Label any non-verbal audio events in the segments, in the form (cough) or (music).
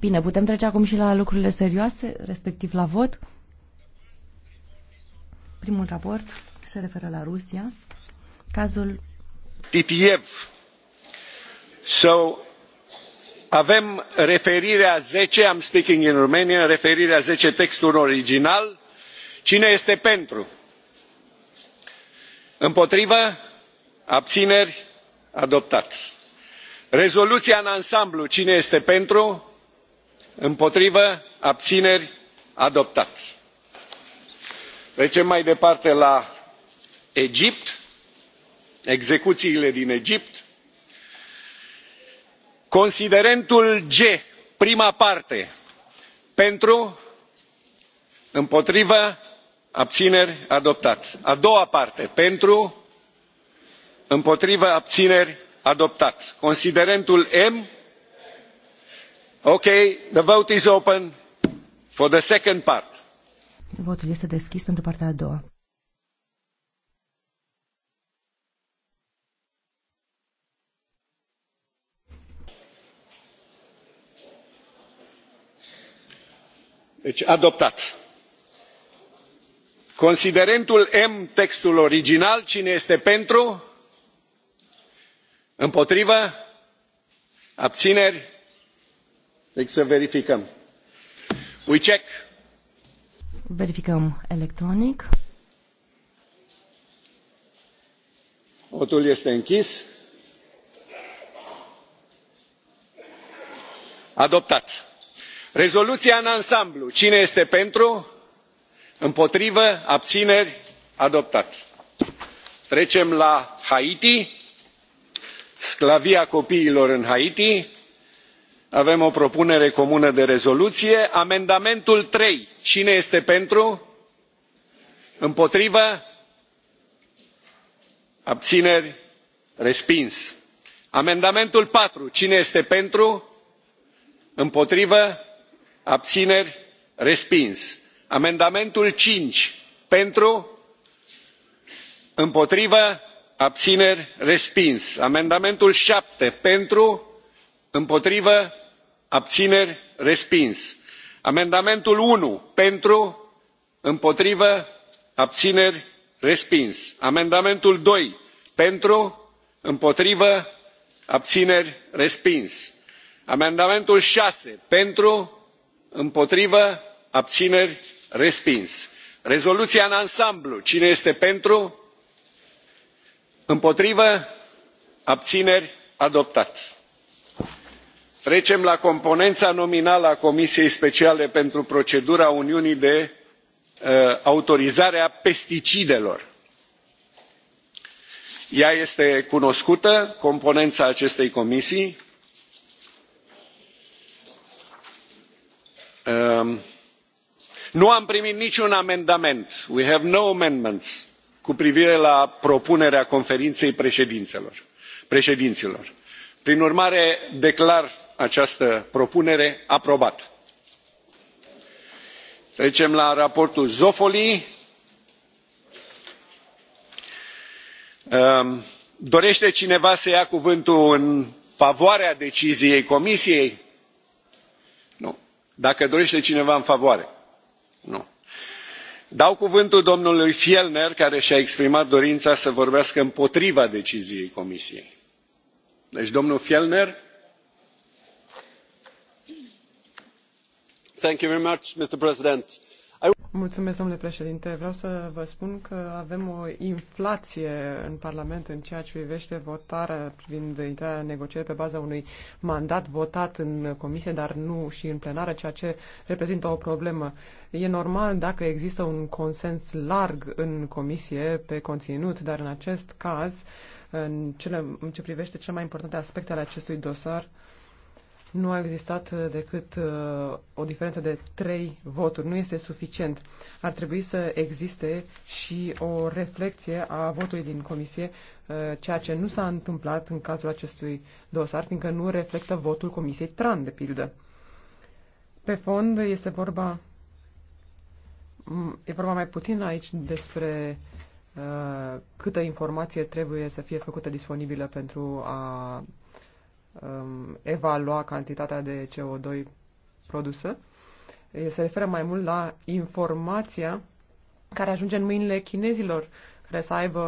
Bine, putem trece acum și la lucrurile serioase, respectiv la vot. Primul raport se referă la Rusia. Cazul Titiev. So, avem referirea 10, am speaking in Romanian, referirea 10 textul original. Cine este pentru? Împotrivă? Abțineri? Adoptat. Rezoluția în ansamblu, cine este pentru? împotrivă abțineri adoptat. trecem mai departe la egipt execuțiile din egipt considerentul g prima parte pentru împotrivă abțineri adoptat. a doua parte pentru împotrivă abțineri adoptat. considerentul m Votul este deschis pentru partea a doua. Deci adoptat. Considerentul M, textul original, cine este pentru? Împotrivă? Abțineri? Deci să verificăm. We check. Verificăm electronic. Votul este închis. Adoptat. Rezoluția în ansamblu. Cine este pentru? Împotrivă? Abțineri? Adoptat. Trecem la Haiti. Sclavia copiilor în Haiti avem o propunere comună de rezoluție amendamentul trei cine este pentru? împotrivă? abțineri? respins. amendamentul patru cine este pentru? împotrivă? abțineri? respins. amendamentul cinci pentru? împotrivă? abțineri? respins. amendamentul șapte pentru? împotrivă? abțineri respins amendamentul unu pentru împotrivă abțineri respins amendamentul doi pentru împotrivă abțineri respins amendamentul șase pentru împotrivă abțineri respins rezoluția în ansamblu cine este pentru împotrivă abțineri adoptat trecem la componența nominală a comisiei speciale pentru procedura uniunii de uh, autorizare a pesticidelor. ea este cunoscută componența acestei comisii um, nu am primit niciun amendament we have no amendments cu privire la propunerea conferinței președinților prin urmare declar această propunere aprobată. trecem la raportul zoffoli. Ehm, dorește cineva să ia cuvântul în favoarea deciziei comisiei? nu. dacă dorește cineva în favoare? nu. dau cuvântul domnului fjellner care și a exprimat dorința să vorbească împotriva deciziei comisiei deci domnule președinte. Vreau să vă spun că avem o inflație în Parlament în ceea ce privește votarea privind intrarea în negocieri pe baza unui mandat votat în comisie, dar nu și în plenară, ceea ce reprezintă o problemă. E normal dacă există un consens larg în comisie pe conținut, dar în acest caz în, cele, în ce privește cele mai importante aspecte ale acestui dosar, nu a existat decât uh, o diferență de trei voturi. Nu este suficient. Ar trebui să existe și o reflexie a votului din comisie, uh, ceea ce nu s-a întâmplat în cazul acestui dosar, fiindcă nu reflectă votul comisiei TRAN, de pildă. Pe fond este vorba, e vorba mai puțin aici despre Uh, câtă informație trebuie să fie făcută disponibilă pentru a um, evalua cantitatea de CO2 produsă. Se referă mai mult la informația care ajunge în mâinile chinezilor, care să aibă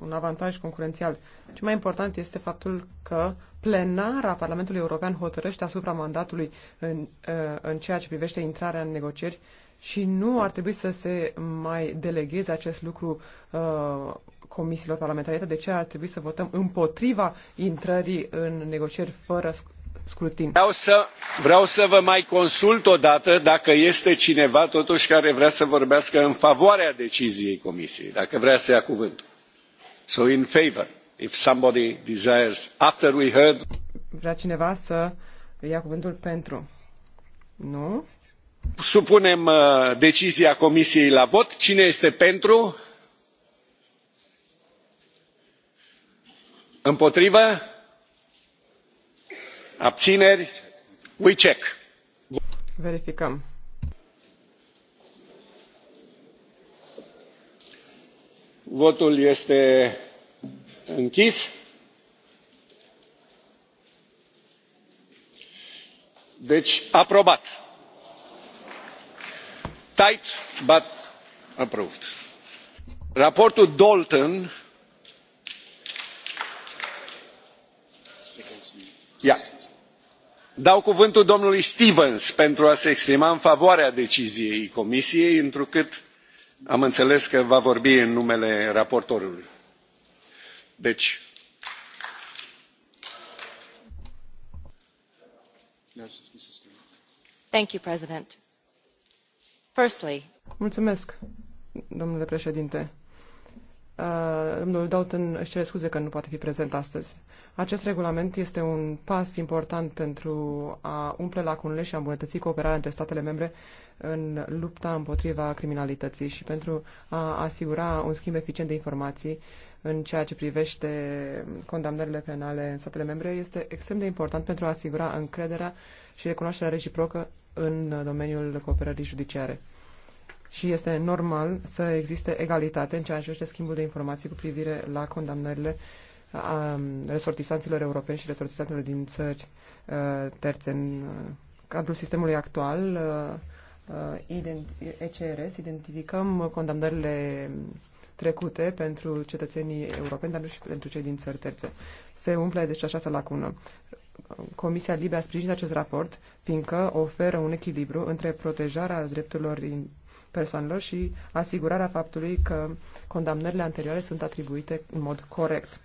un avantaj concurențial. Ce mai important este faptul că plenara Parlamentului European hotărăște asupra mandatului în, ă, în ceea ce privește intrarea în negocieri și nu ar trebui să se mai delegheze acest lucru uh, comisiilor parlamentare. De ce ar trebui să votăm împotriva intrării în negocieri fără scrutin? Vreau să, vreau să vă mai consult o dată dacă este cineva totuși care vrea să vorbească în favoarea deciziei comisiei, dacă vrea să ia cuvântul. So in favor if somebody desires. After we heard... Vrea cineva să ia cuvântul pentru? Nu? Supunem uh, decizia Comisiei la vot. Cine este pentru? Împotrivă? Abțineri? We check. Verificăm. Votul este închis. deci aprobat. tight but approved. raportul dalton yeah. dau cuvântul domnului stevens pentru a se exprima în favoarea deciziei comisiei întrucât am înțeles că va vorbi în numele raportorului deci Mulțumesc, domnule președinte uh, domnul dalton își cere scuze că nu poate fi prezent astăzi. Acest regulament este un pas important pentru a umple lacunele și a îmbunătăți cooperarea între statele membre în lupta împotriva criminalității și pentru a asigura un schimb eficient de informații în ceea ce privește condamnările penale în statele membre este extrem de important pentru a asigura încrederea și recunoașterea reciprocă în domeniul cooperării judiciare. Și este normal să existe egalitate în ceea ce privește schimbul de informații cu privire la condamnările uh, a resortisanților europeni și resortisanților din țări uh, terțe în uh, cadrul sistemului actual uh, ECRS identificăm condamnările trecute pentru cetățenii europeni, dar nu și pentru cei din țări terțe. Se umple deci această lacună. Comisia Libe a sprijinit acest raport, fiindcă oferă un echilibru între protejarea drepturilor persoanelor și asigurarea faptului că condamnările anterioare sunt atribuite în mod corect.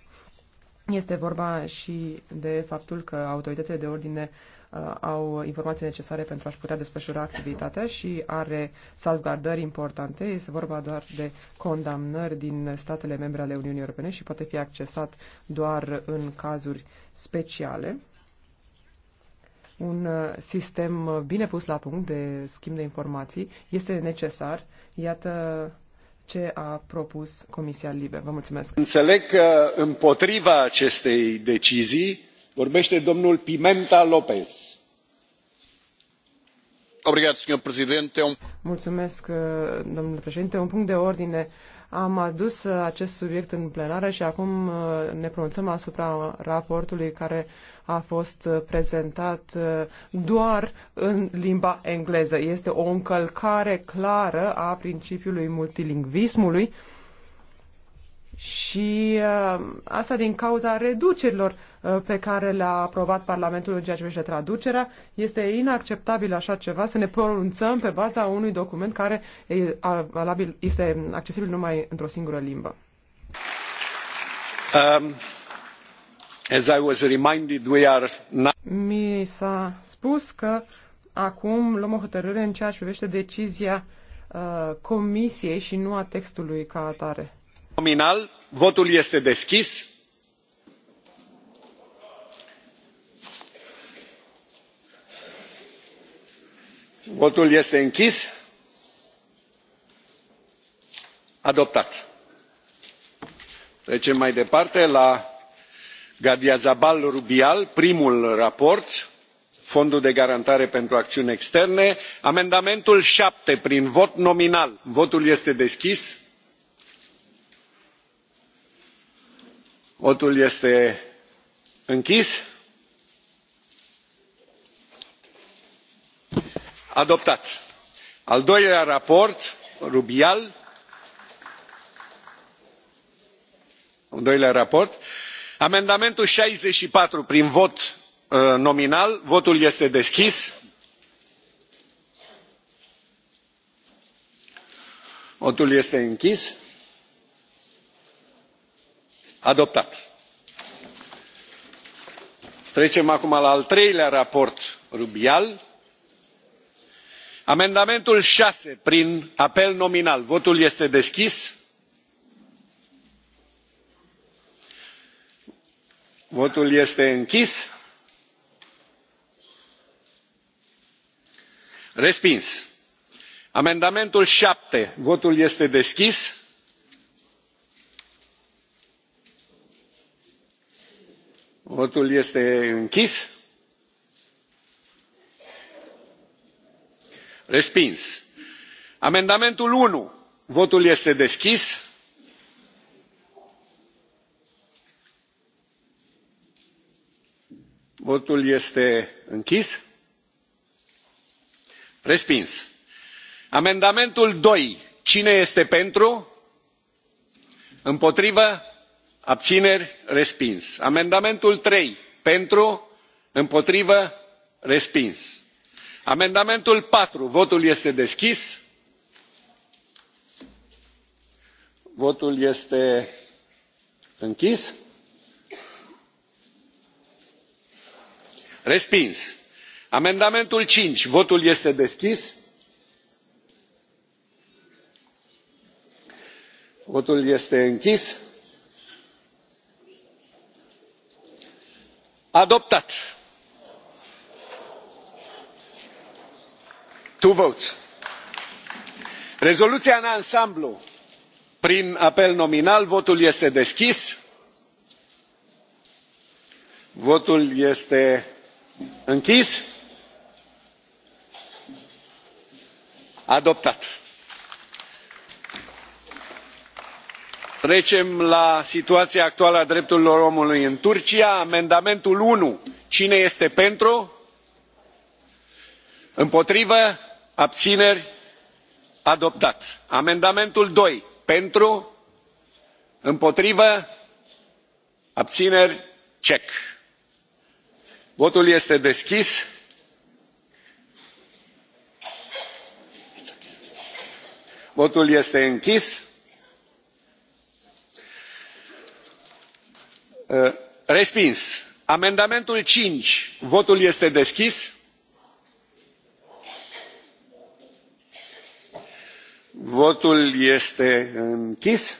Este vorba și de faptul că autoritățile de ordine uh, au informații necesare pentru a-și putea desfășura activitatea și are salvgardări importante. Este vorba doar de condamnări din statele membre ale Uniunii Europene și poate fi accesat doar în cazuri speciale. Un uh, sistem bine pus la punct de schimb de informații este necesar. Iată ce a propus Comisia Libe. Vă mulțumesc. Înțeleg că împotriva acestei decizii vorbește domnul Pimenta Lopez. Um- mulțumesc, uh, domnule președinte. Un punct de ordine. Am adus uh, acest subiect în plenară și acum uh, ne pronunțăm asupra raportului care a fost uh, prezentat uh, doar în limba engleză. Este o încălcare clară a principiului multilingvismului și uh, asta din cauza reducerilor pe care le-a aprobat Parlamentul în ceea ce privește traducerea. Este inacceptabil așa ceva, să ne pronunțăm pe baza unui document care e valabil, este accesibil numai într-o singură limbă. Um. As I was reminded, we are now... Mi s-a spus că acum luăm o hotărâre în ceea ce privește decizia uh, comisiei și nu a textului ca atare. Nominal, votul este deschis. Votul este închis. Adoptat. Trecem mai departe la gardiazabal rubial primul raport fondul de garantare pentru acțiuni externe amendamentul șapte prin vot nominal votul este deschis votul este închis adoptat. al doilea raport rubial al doilea raport amendamentul șaizeci și patru prin vot uh, nominal votul este deschis. votul este închis. adoptat. trecem acum la al treilea raport rubial amendamentul șase prin apel nominal votul este deschis. votul este închis. respins. amendamentul șapte votul este deschis. votul este închis. respins. amendamentul unu votul este deschis. votul este închis. respins. amendamentul doi cine este pentru? împotrivă? abțineri? respins. amendamentul trei pentru? împotrivă? respins. amendamentul patru votul este deschis. votul este închis. respins. amendamentul cinci votul este deschis. votul este închis. adoptat. two votes. rezoluția în ansamblu prin apel nominal votul este deschis votul este închis. adoptat. trecem la situația actuală a drepturilor omului în turcia amendamentul unu cine este pentru? împotrivă? abțineri? adoptat. amendamentul doi pentru? împotrivă? abțineri? check votul este deschis. votul este închis. Uh, respins. amendamentul cinci votul este deschis. votul este închis.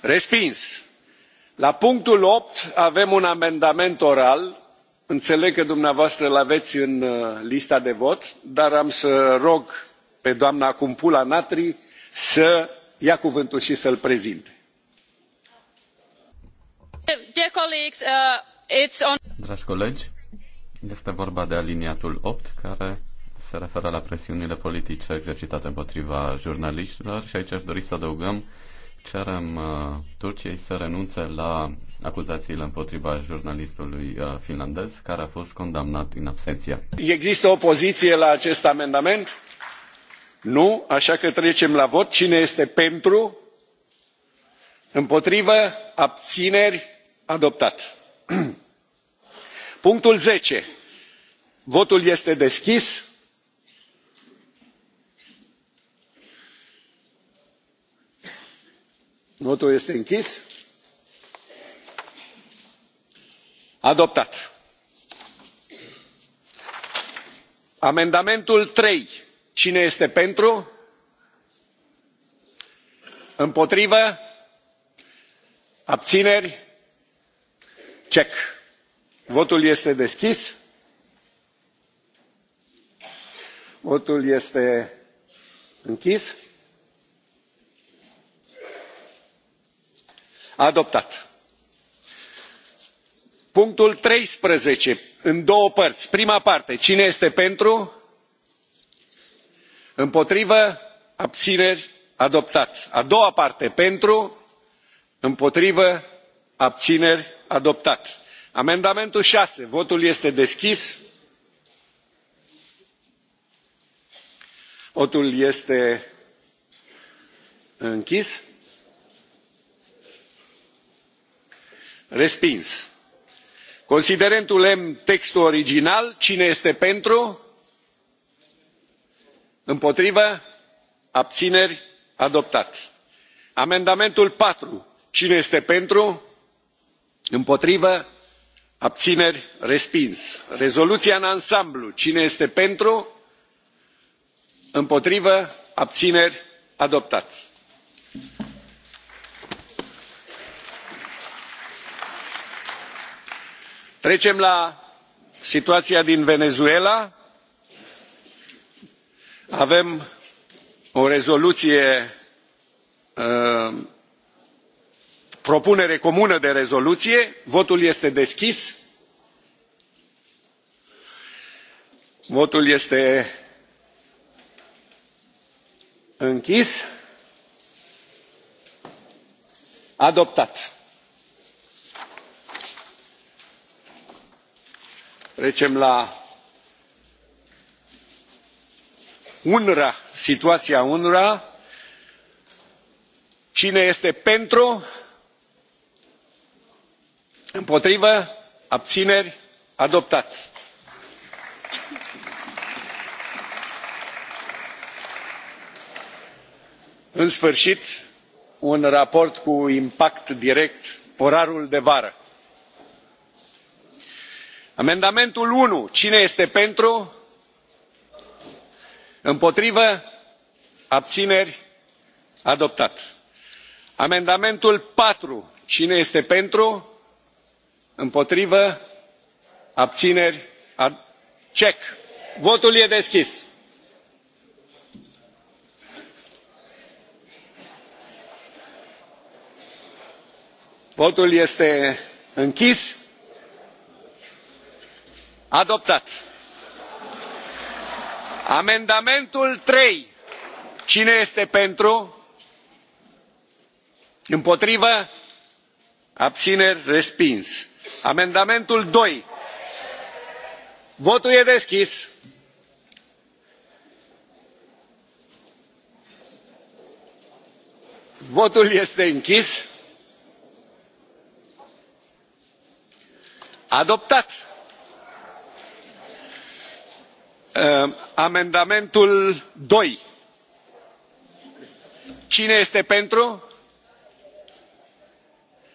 respins la punctul opt avem un amendament oral înțeleg că dumneavoastră îl aveți în uh, lista de vot dar am să rog pe doamna kumpula natri să ia cuvântul și să l prezinte. Uh, Dragi colegi, este vorba de aliniatul 8 care se referă la presiunile politice exercitate împotriva jurnaliștilor și aici aș dori să adăugăm cerem uh, Turciei să renunțe la acuzațiile împotriva jurnalistului uh, finlandez care a fost condamnat în absenție. Există opoziție la acest amendament? Nu, așa că trecem la vot. Cine este pentru? Împotrivă? Abțineri? Adoptat. (clears throat) Punctul 10. Votul este deschis. votul este închis. adoptat. amendamentul trei cine este pentru? împotrivă? abțineri? votul este deschis. votul este închis. adoptat. punctul treisprezece în două părți prima parte cine este pentru? împotrivă abțineri adoptat. a doua parte pentru împotrivă abțineri adoptat. amendamentul șase votul este deschis. votul este închis. respins. considerentul m textul original cine este pentru? împotrivă? abțineri? adoptat. amendamentul patru cine este pentru? împotrivă? abțineri? respins. rezoluția în ansamblu cine este pentru? împotrivă? abțineri? adoptat trecem la situația din venezuela avem o rezoluție uh, propunere comună de rezoluție votul este deschis votul este închis adoptat. trecem la unrwa situația unrwa cine este pentru împotrivă abțineri adoptat. în sfârșit un raport cu impact direct orarul de vară amendamentul unu cine este pentru? împotrivă? abțineri? adoptat. amendamentul patru cine este pentru? împotrivă? abțineri? votul este deschis. votul este închis adoptat. amendamentul trei cine este pentru? împotrivă? abțineri respins. amendamentul doi votul e deschis. votul este închis. adoptat Uh, amendamentul doi cine este pentru?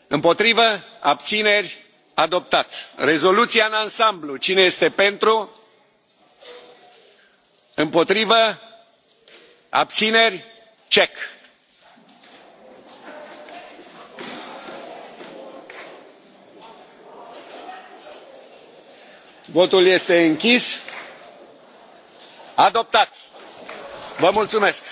împotrivă? abțineri? adoptat. rezoluția în ansamblu cine este pentru? împotrivă? abțineri? check. votul este închis adoptat. vă mulțumesc.